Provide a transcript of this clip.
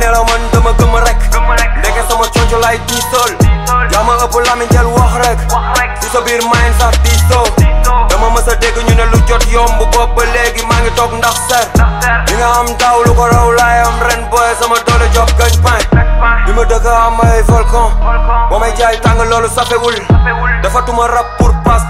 nelaw man dama gëm rek ndeke sama conco lay diisool yaa ma ëpp lamiñ jël wax rek si sa biir mayin sax diisoo dama mës a dégg ñu ne lu jot yomb bopp ba léegi maa ngi toog ndax ser li am daaw lu ko raw laay am ren booy sama doole job gañ pain li ma dëkk am ay volcan boo may jaay tàng loolu safewul dafa tuma rab